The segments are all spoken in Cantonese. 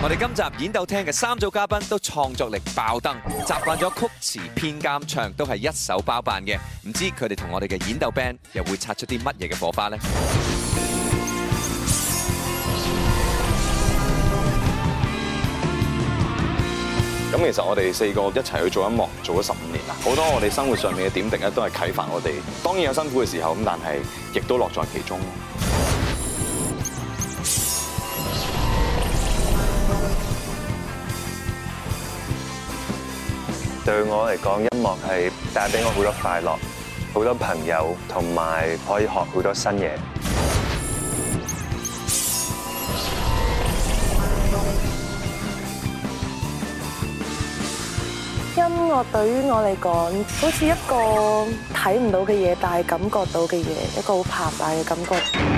我哋今集演奏廳嘅三組嘉賓都創作力爆燈，習慣咗曲詞編監唱都係一手包辦嘅，唔知佢哋同我哋嘅演奏 band 又會擦出啲乜嘢嘅火花呢？咁其實我哋四個一齊去做音樂，做咗十五年啦。好多我哋生活上面嘅點滴咧，都係啟發我哋。當然有辛苦嘅時候咁，但係亦都樂在其中。對我嚟講，音樂係帶俾我好多快樂，好多朋友，同埋可以學好多新嘢。音樂對於我嚟講，好似一個睇唔到嘅嘢，但係感覺到嘅嘢，一個好澎湃嘅感覺。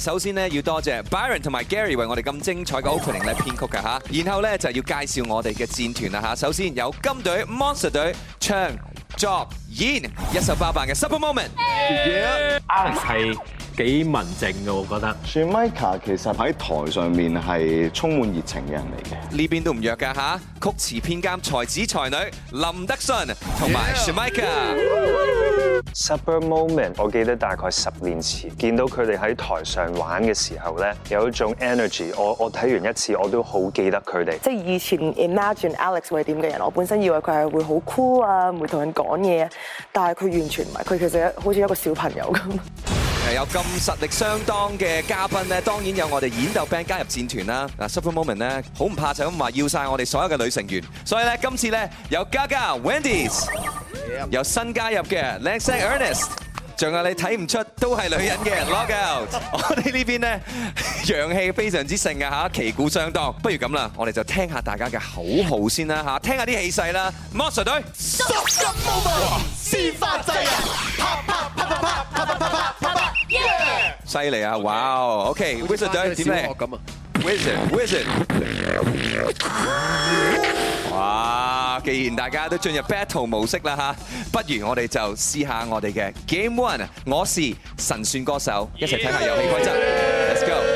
首先咧要多謝 Byron 同埋 Gary 為我哋咁精彩嘅 opening 咧編曲嘅嚇，然後咧就要介紹我哋嘅戰團啦嚇。首先有金隊、Monster 隊、唱作演一手包辦嘅 Supper Moment。Alex 係幾文靜嘅，我覺得。SHIMICA 其實喺台上面係充滿熱情嘅人嚟嘅。呢邊都唔弱嘅嚇。曲詞編監才子才女林德信同埋 SHIMICA。Super Moment，我記得大概十年前見到佢哋喺台上玩嘅時候咧，有一種 energy，我我睇完一次我都好記得佢哋。即以前 Imagine Alex 會點嘅人，我本身以為佢係會好 cool 啊，唔會同人講嘢，但係佢完全唔係，佢其實好似一個小朋友咁。係有咁實力相當嘅嘉賓咧，當然有我哋演奏 band 加入戰團啦。嗱，Supper Moment 咧，好唔怕就咁話，要曬我哋所有嘅女成員。所以咧，今次咧有 Gaga、Wendy，有新加入嘅靚聲 Ernest，仲有你睇唔出都係女人嘅 log out，我哋呢邊呢，陽氣非常之盛嘅嚇，旗鼓相當，不如咁啦，我哋就聽下大家嘅口號先啦嚇，聽下啲氣勢啦。Master 隊，塑金舞步，鮮花祭啊，啪啪啪啪啪啪啪啪啪耶，a 犀利啊，哇，OK，Wizard 隊 Wizard，Wizard，哇！既然大家都進入 battle 模式啦嚇，不如我哋就試下我哋嘅 Game One。我是神算歌手，一齊睇下遊戲規則。Let's go。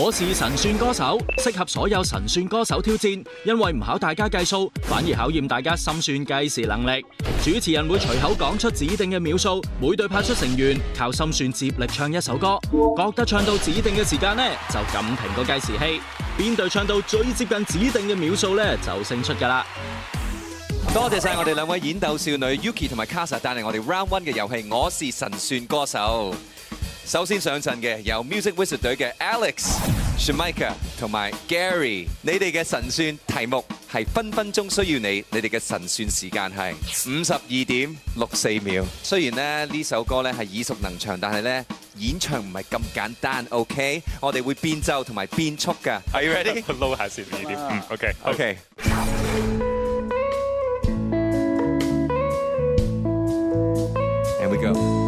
我是神算歌手，適合所有神算歌手挑戰，因為唔考大家計數，反而考驗大家心算計時能力。主持人會隨口講出指定嘅秒數，每隊派出成員靠心算接力唱一首歌，覺得唱到指定嘅時間呢，就撳停個計時器，邊隊唱到最接近指定嘅秒數呢，就勝出㗎喇。多謝晒我哋兩位演鬥少女 Yuki 同埋 Casa 帶嚟我哋 Round One 嘅遊戲，我是神算歌手。首先上陣嘅由 Music Wizards 隊嘅 Alex、SHIMICA 同埋 Gary，你哋嘅神算題目係分分鐘需要你，你哋嘅神算時間係五十二點六四秒。雖然咧呢首歌咧係耳熟能詳，但係咧演唱唔係咁簡單，OK？我哋會變奏同埋變速噶。Are you ready？撈下先五十二點，嗯，OK，OK。Here we go。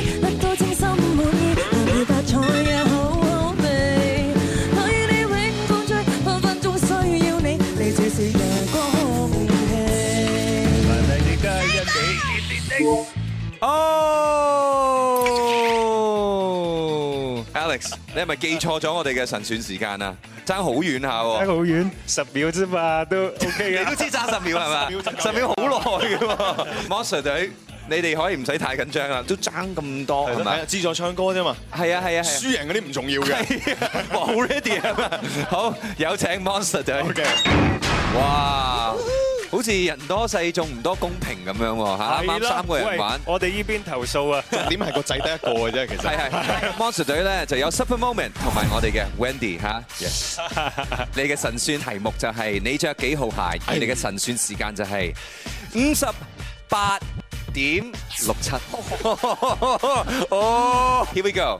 你係咪記錯咗我哋嘅神算時間啊？爭好遠下喎，好遠十秒啫嘛，都 O K 嘅，你都知爭十秒係嘛？十秒好耐嘅喎，Monster 隊，你哋可以唔使太緊張啦，都爭咁多係嘛？自助唱歌啫嘛，係啊係啊，輸贏嗰啲唔重要嘅，好 ready 啊嘛，好，有請 Monster 隊，哇！好似人多勢仲唔多公平咁樣喎，啱啱三個人玩，我哋呢邊投訴啊！點係個仔得一個嘅啫，其實。m o n s t e r 隊咧就有 Super Moment 同埋我哋嘅 Wendy 嚇。Yes，你嘅神算題目就係你着幾號鞋？的你嘅神算時間就係五十八點六七。哦 here we go！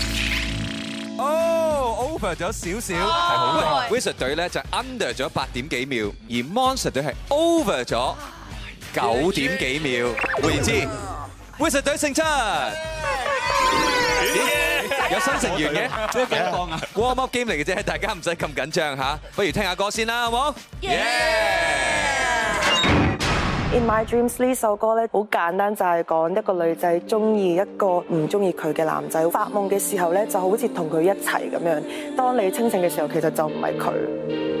哦，over 咗少少，係好嘅。Wishard 隊咧就 under 咗八點幾秒，而 Monster 隊係 over 咗九點幾秒。換言之，Wishard 隊勝出。有新成員嘅，咩咁激動啊？warm upgame 嚟嘅啫，大家唔使咁緊張吓，不如聽下歌先啦，好冇？耶！In My Dreams 呢首歌呢，好簡單，就係講一個女仔中意一個唔中意佢嘅男仔，發夢嘅時候呢，就好似同佢一齊咁樣。當你清醒嘅時候，其實就唔係佢。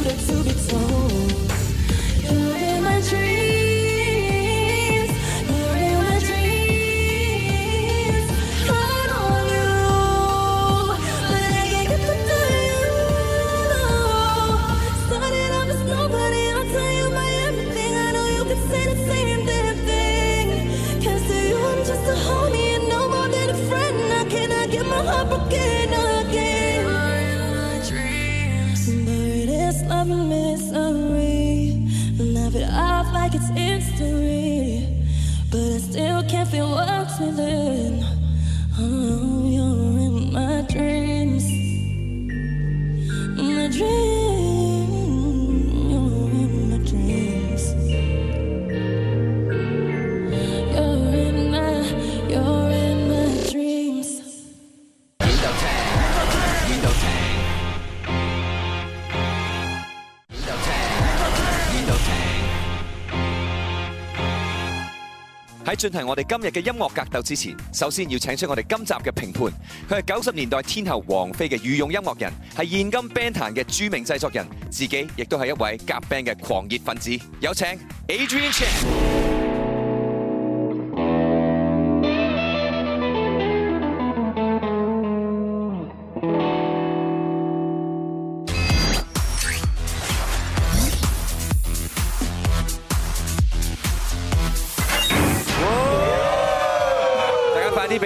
進係我哋今日嘅音樂格鬥之前，首先要請出我哋今集嘅評判，佢係九十年代天后王菲嘅御用音樂人，係現今 band 壇嘅著名製作人，自己亦都係一位夾 band 嘅狂熱分子，有請 Adrian Chan。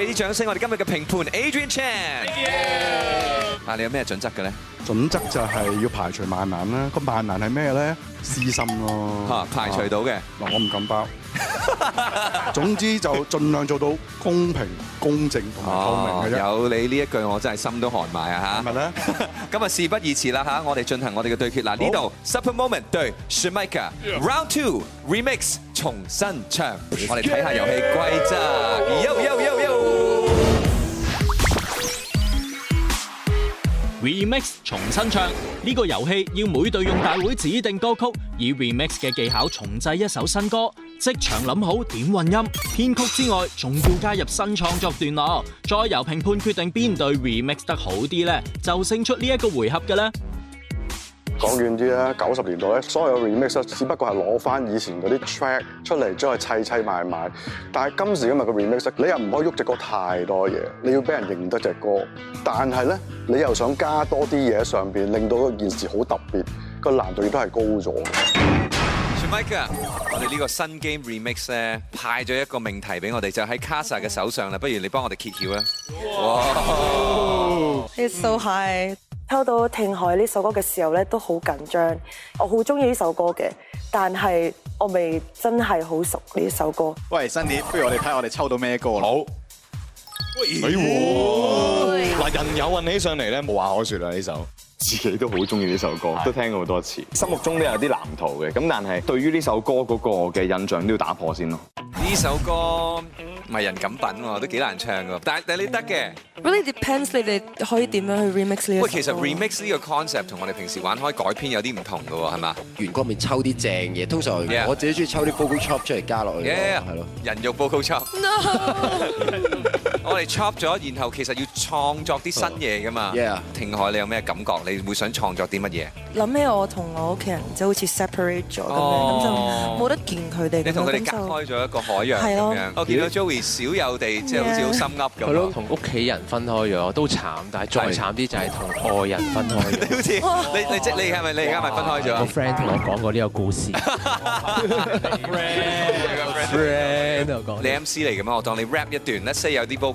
啲掌聲，我哋今日嘅評判 Adrian Chan。啊，你有咩準則嘅咧？準則就係要排除萬難啦。個萬難係咩咧？私心咯，排除到嘅，我唔敢包。總之就盡量做到公平、公正同埋透明。有你呢一句，我真係心都寒埋啊！嚇，乜咧？咁啊，事不宜遲啦嚇，我哋進行我哋嘅對決。嗱，呢度 Supper Moment 對 SHIMICA，Round Two Remix 重新唱。我哋睇下遊戲規則。Remix 重新唱，呢個遊戲要每隊用大會指定歌曲，以 Remix 嘅技巧重製一首新歌，即場諗好點混音，編曲之外，仲要加入新創作段落，再由評判決定邊隊 Remix 得好啲呢，就勝出呢一個回合嘅啦。講遠啲啦，九十年代咧，所有 remix 只不過係攞翻以前嗰啲 track 出嚟，將佢砌砌埋埋。但係今時今日嘅 remix 你又唔可以喐隻歌太多嘢，你要俾人認得隻歌。但係咧，你又想加多啲嘢喺上邊，令到件事好特別，個難度亦都係高咗。SHIMICA 啊！我哋呢個新 game remix 咧，派咗一個命題俾我哋，就喺 Casa 嘅手上啦。不如你幫我哋揭曉啊！It's so high. 抽到聽海呢首歌嘅時候呢，都好緊張。我好鍾意呢首歌嘅，但係我未真係好熟呢首歌。首歌喂，s a n d 不如我哋睇我哋抽到咩歌啦？好。哎喎！嗱，人有運起上嚟咧，冇話可説啦呢首。自己都好中意呢首歌，都聽過好多次。心目中都有啲藍圖嘅，咁但係對於呢首歌嗰個嘅印象都要打破先咯。呢首歌迷人感品喎，都幾難唱㗎。但係但係你得嘅，咁你 depends 你哋可以點樣去 remix 呢？喂，其實 remix 呢個 concept 同我哋平時玩開改編有啲唔同嘅，係嘛？原歌入面抽啲正嘢，通常我自己中意抽啲 vocal chop 出嚟加落去，係咯，人肉 vocal chop。我哋 chop 咗，然後其實要創作啲新嘢噶嘛。聽海，你有咩感覺？你會想創作啲乜嘢？諗起我同我屋企人就好似 separate 咗咁樣，咁就冇得見佢哋。你同佢哋隔開咗一個海洋。係咯。我見到 Joey 少有地即係好似好心悒心噏咁。係咯，同屋企人分開咗都慘，但係再慘啲就係同愛人分開。你好似你你即你係咪你而家咪分開咗？個 friend 同我講過呢個故事。你 MC 嚟嘅嘛，我當你 rap 一段。Let’s see 有啲波。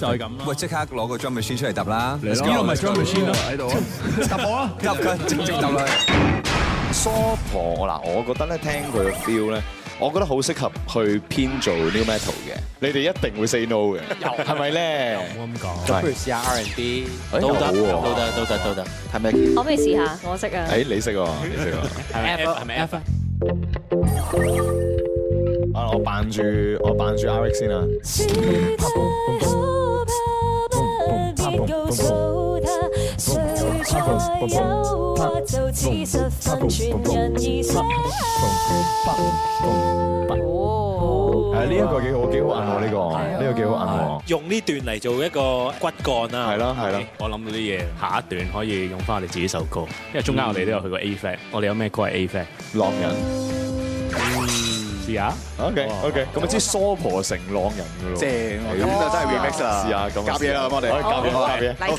就係咁啦！喂，即刻攞個 drum machine 出嚟揼啦！呢度 my drum machine 喺度，揼我啊！揼佢，直接揼啦！疏婆嗱，我覺得咧聽佢個 feel 咧，我覺得好適合去編做 new metal 嘅。你哋一定會 say no 嘅，係咪咧？冇咁講，不如試下 R and B 都得，都得，都得，都得。係咩？可唔可以試下？我識啊！誒，你識喎，你識喎。係咪？係咪？我扮住我扮住 dR.X 先啊！哦，呢個幾好幾好眼喎，呢個呢個幾好眼喎。用呢段嚟做一個骨幹啊。係啦係啦，我諗到啲嘢。下一段可以用翻我哋自己首歌，因為中間我哋都有去過 A flat，我哋有咩歌係 A flat 浪人。試下。OK OK。咁啊知梳婆成浪人。正，咁就真係 remix 啦。試下，咁夾嘢啦咁我哋。好。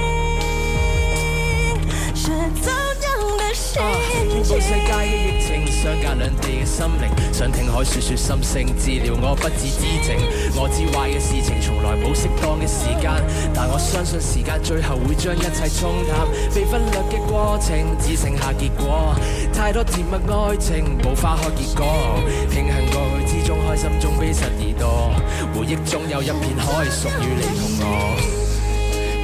的啊！全世界的疫情，相隔兩地嘅心靈，想聽海說說心聲，治療我不治之症。我知壞嘅事情從來冇適當嘅時間，但我相信時間最後會將一切沖淡。被分裂嘅過程，只剩下結果。太多甜蜜愛情冇花開結果，慶幸過去之中開心總比失意多。回憶總有一片海屬於你同我。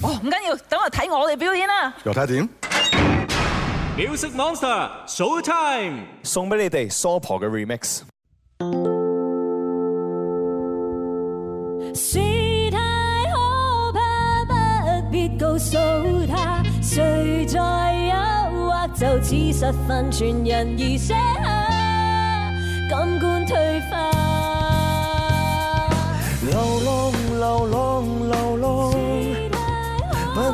哦，唔緊要，等我睇我哋表演啦。又睇點？Music Monster Show Time，送俾你哋蘇婆嘅 Remix。是太可怕，不必告訴他，誰在誘惑，就隻身犯全人而捨下感官退化。流浪，流浪，流浪。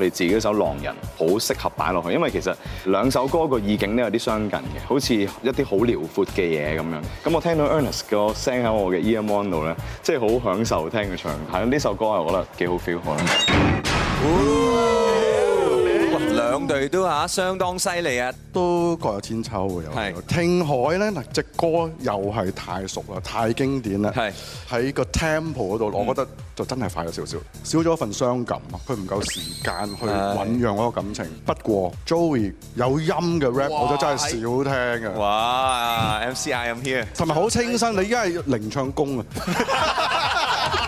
我哋自己一首《狼人》好適合擺落去，因為其實兩首歌個意境都有啲相近嘅，好似一啲好遼闊嘅嘢咁樣。咁我聽到 Ernest 個聲喺我嘅 Earphone 度咧，即係好享受聽佢唱。係啊，呢首歌係我覺得幾好 Feel 嘅。隊都嚇相當犀利啊，都各有千秋喎。又聽海咧，嗱，隻歌又係太熟啦，太經典啦。係喺個 tempo 嗰度，我覺得就真係快咗少少，少咗份傷感啊。佢唔夠時間去醖釀嗰個感情。不過 Joey 有音嘅 rap，我都真係少聽啊。哇，MC I am here，同埋好清新。你依家係零唱功啊！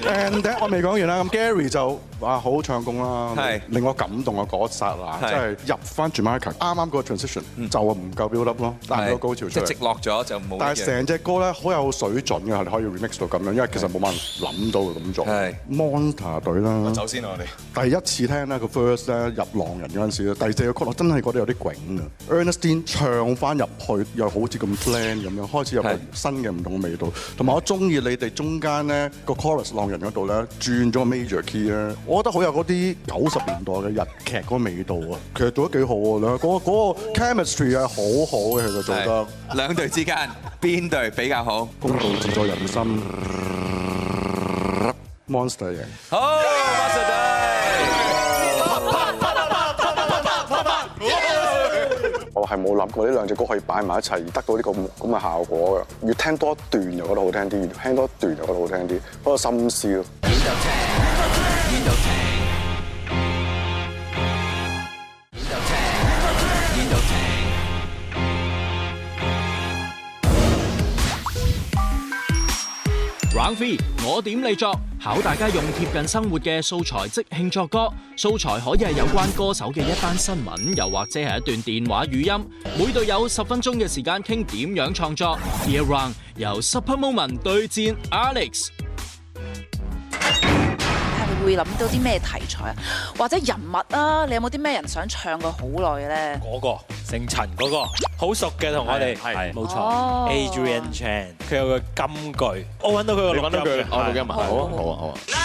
And that, 我未講完啦。咁 Gary 就話好唱功啦，係令我感動啊一剎那，即係入翻住 Jamaica 啱啱個 transition 就唔夠 build up 咯，但帶個高潮出嚟即直落咗就冇。但係成隻歌咧好有水準嘅，係可以 remix 到咁樣，因為其實冇乜人諗到咁做。係。Monta 隊啦。首先我哋第一次聽咧個 first 咧入狼人陣時咧，的第四個曲我真係覺得有啲囧啊。Ernestine 唱翻入去又好似咁 plan 咁樣開始有新嘅唔同嘅味道。同埋我喜歡們中意你哋中間咧個 chorus 狼人人度咧轉咗 major key 咧，我覺得好有嗰啲九十年代嘅日劇嗰個味道啊！其實做得幾好喎，兩、嗰個、嗰個 chemistry 啊，好好嘅其實做得。兩隊之間邊隊比較好？公道自在人心 ，Monster 贏好、yeah! Monster 係冇諗過呢兩隻歌可以擺埋一齊而得到呢、這個咁嘅、這個、效果嘅，要聽多一段就覺得好聽啲，聽多一段就覺得好聽啲，好多個心思咯。我點你作考大家用貼近生活嘅素材即興作歌，素材可以係有關歌手嘅一班新聞，又或者係一段電話語音。每隊有十分鐘嘅時間傾點樣創作。h e r o u n 由 Super Moment 對戰 Alex。會諗到啲咩題材啊？或者人物啊？你有冇啲咩人想唱過好耐咧？嗰個姓陳嗰個，好熟嘅同我哋，係冇錯，Adrian Chan，佢有個金句，我搵到佢個金句，我而家問好啊，好啊，好啊！哇！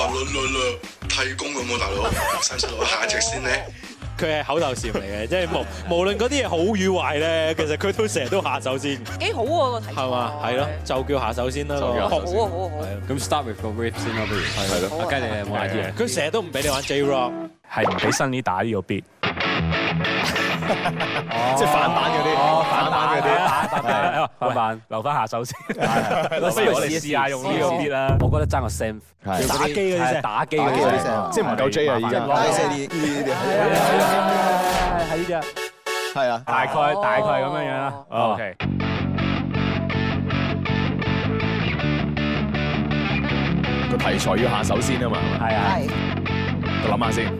今日我啦啦啦替工咁喎，大佬，三叔，下一隻先咧。佢係口頭禪嚟嘅，即係無無論嗰啲嘢好與壞咧，其實佢都成日都下手先。幾好喎，個題目係嘛？係咯，就叫下手先啦，好，好，好那我先好。咁 start with 個 beat 先啦，對了對了，不如。係咯。阿雞你有冇 idea？佢成日都唔俾你玩 J-Rock，係俾 Sunny 打呢個 beat 即係反版嗰啲，反版嗰啲，反版。反版留翻下手先，不如我哋試下用呢個呢啲啦。我覺得爭個聲，打機嗰啲，打機嗰啲，即係唔夠 J 啊而家，大聲啲。係呢隻啊，係啊，大概大概係咁樣樣啦。個題材要下手先啊嘛，係啊，我諗下先。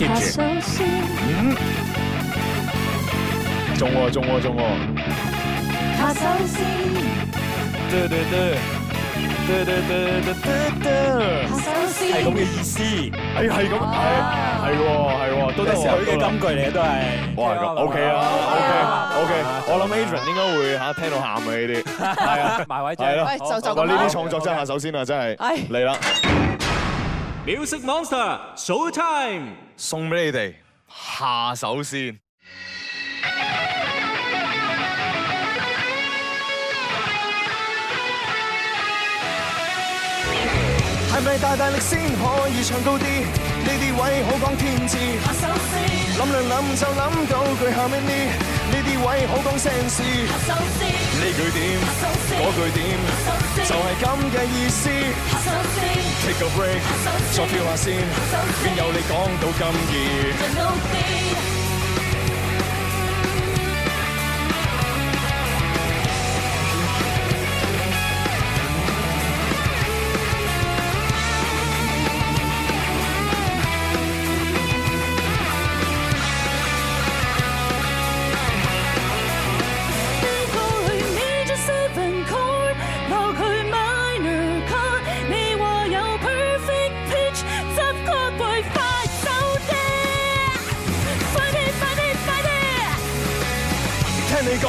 嗯，中喎，中喎，中喎。下手先，對對對對對對對對，下手先係咁嘅意思。哎係咁，係係喎係喎，都得。佢嘅金句嚟都係，哇，OK 啦，OK OK，我諗 Adrian 應該會嚇聽到喊嘅呢啲，係啊，埋位正咯。喂就就咁，哇，呢啲創作真係下手先啊真係，嚟啦，Music MonsterShow Time。送俾你哋下手先，係咪大大力先可以唱高啲？呢啲位好講天資，下手先，諗兩諗就諗到句下邊呢？位好講聲先，呢句點，嗰句點，就係咁嘅意思。Take a break，再跳下先，邊有你講到咁易。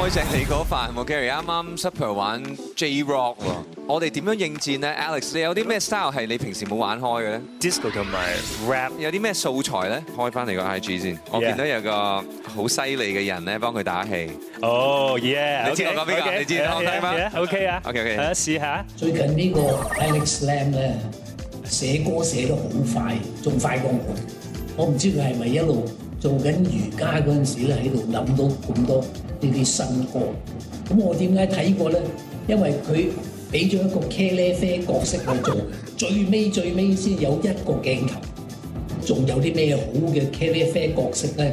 開正你嗰份喎，Gary 啱啱 Supper 玩 J-Rock 喎。我哋點樣應戰咧？Alex，你有啲咩 style 係你平時冇玩開嘅咧？Disco 同埋 rap 有啲咩素材咧？開翻你個 IG 先，我見到有個好犀利嘅人咧，幫佢打氣。Oh yeah！你知我講邊個？你知啦，我睇下先。OK 啊，OK OK，我試下。最近呢個 Alex Lam 咧寫歌寫得好快，仲快過我。我唔知佢係咪一路做緊瑜伽嗰陣時咧喺度諗到咁多。呢啲新歌，咁我點解睇過呢？因為佢俾咗一個茄喱啡角色去做，最尾最尾先有一個鏡頭，仲有啲咩好嘅茄喱啡角色呢？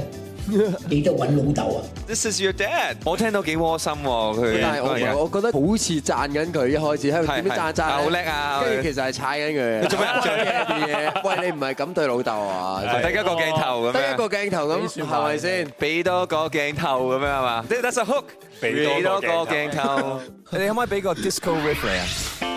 你都揾老豆啊？This is your dad。我聽到幾窩心喎，佢，但係我我覺得好似讚緊佢一開始喺度點樣讚讚，好叻啊！其實係踩緊佢。你做咩做嘢？喂，你唔係咁對老豆啊？得一個鏡頭咁樣，得一個鏡頭咁，係咪先？俾多個鏡頭咁樣係嘛，即係得個 hook。俾多個鏡頭。你可唔可以俾個 disco reference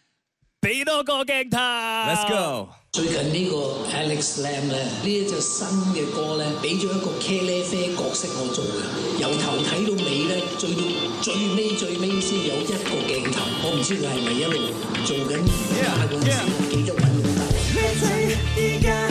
俾多個鏡頭。Let's go 最近呢個 Alex Lam 咧，呢一隻新嘅歌咧，俾咗一個茄喱啡角色我做嘅，由頭睇到尾咧，最到最尾最尾先有一個鏡頭，我唔知佢係咪一路做緊而家嗰陣時啊，我記唔到，搵唔到。Yeah.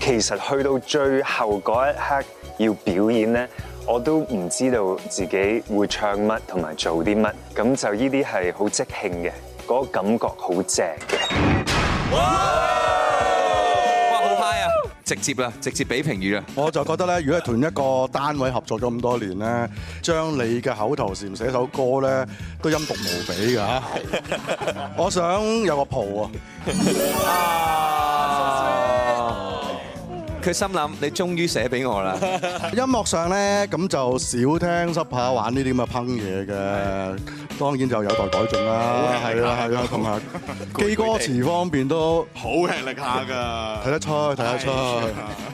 其實去到最後嗰一刻要表演咧，我都唔知道自己會唱乜，同埋做啲乜，咁就依啲係好即興嘅，嗰個感覺好正嘅。直接啦，直接俾評語啊！我就覺得咧，如果係同一個單位合作咗咁多年咧，將你嘅口頭禪寫首歌咧，都陰毒無比㗎嚇。我想有個譜啊！佢心諗你終於寫俾我啦。音樂上咧，咁就少聽濕下玩呢啲咁嘅烹嘢嘅。當然就有待改進啦，係啊係啊，同埋記歌詞方面都好吃力下㗎，睇得出睇得出，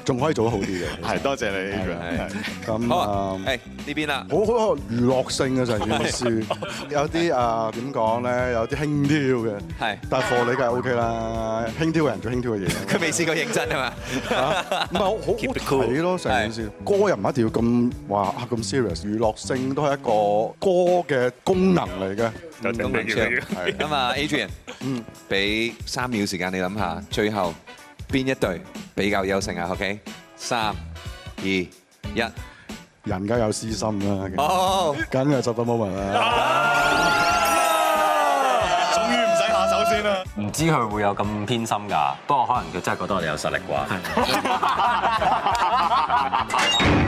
仲可以做得好啲嘅。係，多謝你，係咁誒呢邊啦，好娛樂性嘅就係點啊？有啲誒點講咧，有啲輕佻嘅。係，但係課你梗係 OK 啦，輕佻嘅人做輕佻嘅嘢。佢未試過認真啊嘛，唔係好好 keep the cool 咯，成件事歌又唔係一定要咁話咁 serious，娛樂性都係一個歌嘅功能。嚟噶，東寧昌。咁啊，Adrian，嗯，俾三秒時間你諗下，最後邊一隊比較優勝啊？OK，三、二、一，人家有私心啦。哦，梗係 Supper Moment 啦。終於唔使下手先啦。唔知佢會有咁偏心㗎，不過可能佢真係覺得我哋有實力啩。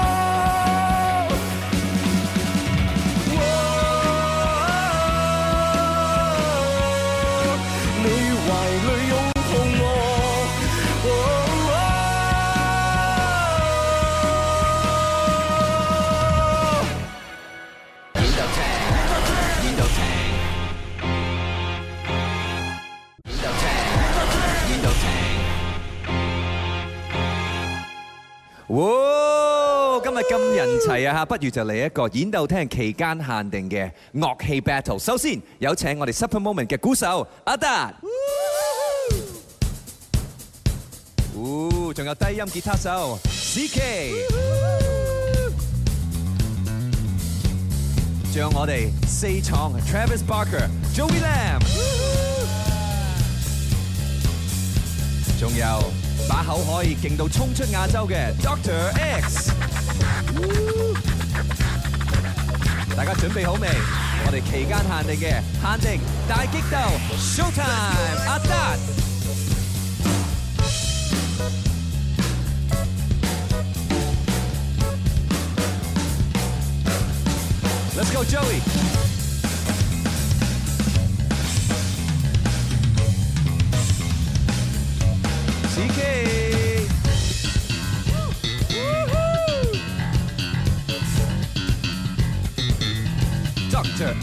嘩，今日咁人齊啊，不如就嚟一個演奏廳期間限定嘅樂器 battle。首先有請我哋 Supper Moment 嘅鼓手阿達仲有低音結他手 CK 仲有我哋四創 Travis Barker Joey Lam 仲有把口可以勁到衝出亞洲嘅 Doctor X，大家準備好未？我哋期間限定嘅限定大激鬥 Showtime，阿達，Let's go，Joey！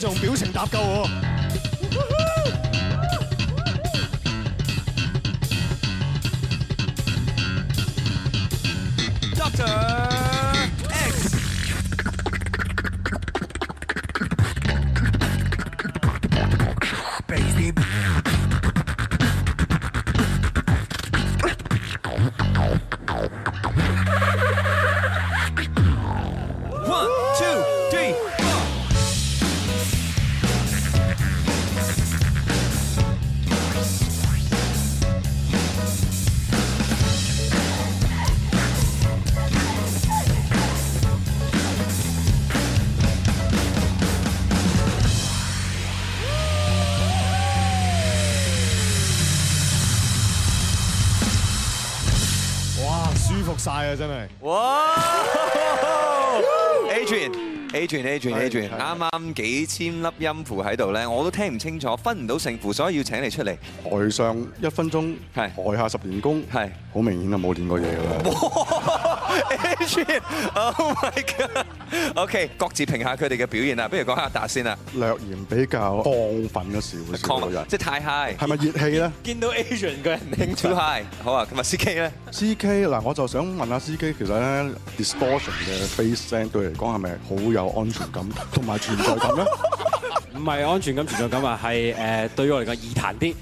仲表情搭救我。真係，哇 Adrian！Adrian，Adrian，Adrian，Adrian，啱 ,Adrian 啱幾千粒音符喺度咧，我都聽唔清楚，分唔到勝負，所以要請你出嚟。台上一分鐘，係台下十年功，係好明顯啊，冇練過嘢㗎啦。Adrian，Oh my God！O.K.，各自評下佢哋嘅表現啊，不如講下達先啊。略嫌比較亢奮嘅時候，人即係太 high，係咪熱氣咧？見到 Asian 個人 too high，好啊，咁啊 C.K. 咧？C.K. 嗱，我就想問下 C.K. 其實咧，distortion 嘅 face 聲對嚟講係咪好有安全感同埋存在感咧？ 唔係安全感、存在感啊，係誒對於我嚟講易彈啲，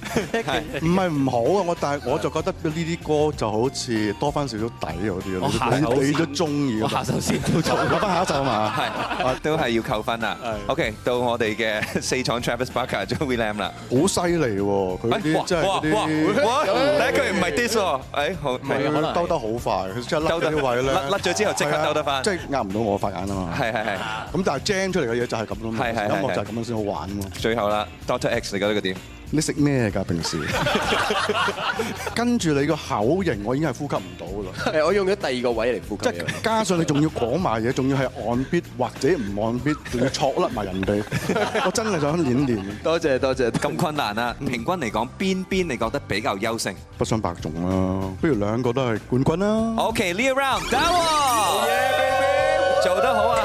唔係唔好啊？我但係我就覺得呢啲歌就好似多翻少少底嗰啲你都中意，下首先，我翻下，下一首嘛，係，都係要扣分啦。OK，到我哋嘅四廠 Travis Barker 就會 jam 啦，好犀利喎！佢啲真係啲，第一句唔係 diss 喎，兜、欸哎、得好快，佢真係甩位甩咗之後即刻兜得翻，即係呃唔到我法眼啊嘛。係係係，咁但係 Jam 出嚟嘅嘢就係咁咯，音樂就係咁樣先。好玩喎！最後啦，Doctor X，你覺得佢點？你食咩㗎平時？跟住你個口型，我已經係呼吸唔到噶啦！我用咗第二個位嚟呼吸。即係加上你仲要講埋嘢，仲要係按 beat 或者唔按 beat，仲要挫甩埋人哋。我真係想演練。多謝多謝，咁困難啊！平均嚟講，邊邊你覺得比較優勝？不相伯仲啊！不如兩個都係冠軍啦。Okay，this round done。做得好啊！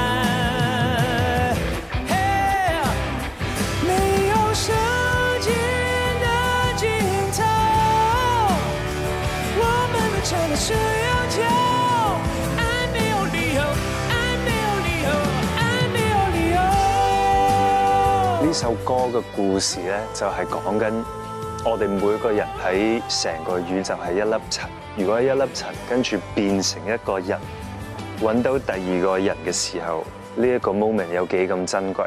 歌嘅故事咧，就係講緊我哋每個人喺成個宇宙係一粒塵。如果一粒塵跟住變成一個人，揾到第二個人嘅時候，呢一個 moment 有幾咁珍貴？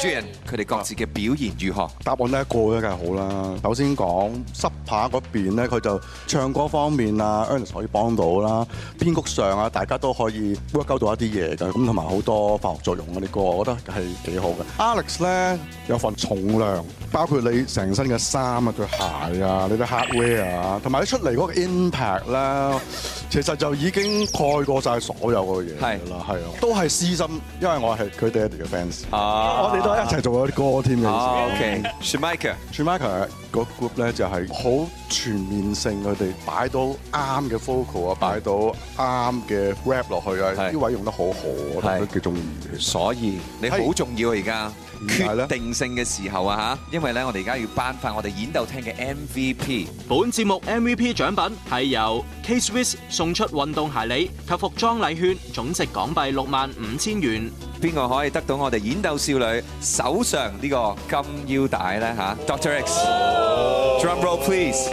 主人佢哋各自嘅表現如何？答案得一個都梗係好啦。首先講，濕扒嗰邊咧，佢就唱歌方面啊，Alex 可以幫到啦。編曲上啊，大家都可以 work out 到一啲嘢嘅。咁同埋好多化學作用嗰啲歌，我覺得係幾好嘅。 Alex 咧有份重量，包括你成身嘅衫啊、對鞋啊、 你啲 hardwear 啊，同埋喺出嚟嗰個 impact 啦，其實就已經蓋過晒所有嗰嘢係啦。係啊，都係私心，因為我係佢爹哋嘅 fans。啊， 我哋一齊做咗啲歌添嘅。o k s 全 Michael，全 m i c h e l 個 group 咧，Schumacher Schumacher 就係好全面性，佢哋擺到啱嘅 f o c a l 啊，擺到啱嘅 rap 落去啊，呢位用得好好，我都幾中意。所以你好重要啊，而家。決定性嘅時候啊吓，因為咧我哋而家要頒發我哋演奏廳嘅 MVP。本節目 MVP 獎品係由 K Swiss 送出運動鞋禮及服裝禮券，總值港幣六萬五千元。邊個可以得到我哋演奏少女手上呢個金腰帶咧吓？Dr. X，Drum roll please！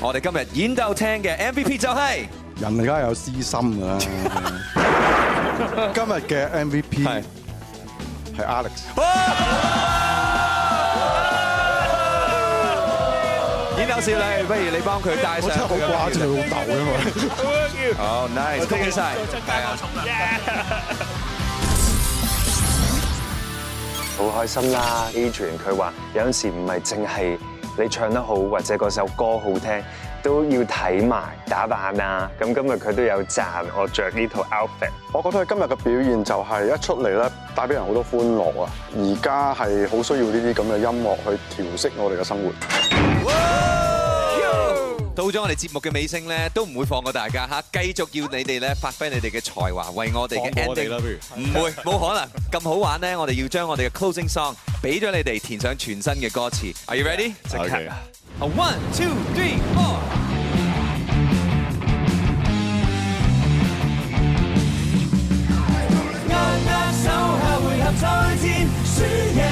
我哋今日演奏廳嘅 MVP 就係人而家有私心噶啦。今日嘅 MVP。係 Alex。演偶少女，不、啊、如、啊啊啊啊啊、你，你幫佢戴。上真係好掛住老豆好，nice。好，好，好，好，好對吧對吧，開心啦。Adrian 佢話有陣時唔係淨係。你唱得好，或者嗰首歌好聽，都要睇埋打扮啊！咁今日佢都有讚我着呢套 outfit，我覺得佢今日嘅表現就係一出嚟咧，帶俾人好多歡樂啊！而家係好需要呢啲咁嘅音樂去調適我哋嘅生活。到咗我哋節目嘅尾聲咧，都唔會放過大家嚇，繼續要你哋咧發揮你哋嘅才華，為我哋嘅 ending，唔會，冇 可能咁好玩咧！我哋要將我哋嘅 closing song 俾咗你哋填上全新嘅歌詞。Are you ready？Okay，one，two，three，four。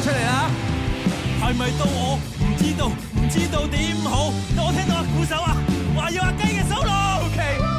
出嚟啦！係咪到我？唔知道，唔知道點好。到我聽到阿鼓手啊，話要阿雞嘅手路。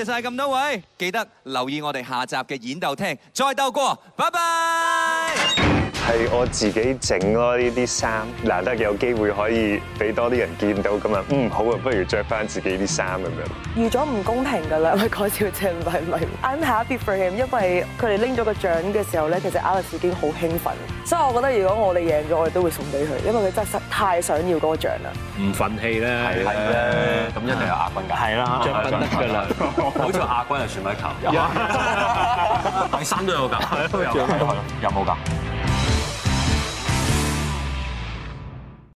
謝晒咁多位，記得留意我哋下集嘅演奏廳，再鬥過，拜拜。係，我自己整咯，呢啲衫，難得有機會可以俾多啲人見到咁啊、嗯，嗯好啊，不如着翻自己啲衫咁樣。預咗唔公平噶啦，咪講笑啫，唔係咪？I'm happy for him，因為佢哋拎咗個獎嘅時候咧，其實 Alex 已經好興奮，所以我覺得如果我哋贏咗，我哋都會送俾佢，因為佢真係實太想要嗰個獎啦。唔憤氣咧，係咧，咁一定有亞軍噶，係啦，冠軍得噶啦，好似亞軍又算咩球？第三都有噶，都有，有冇噶？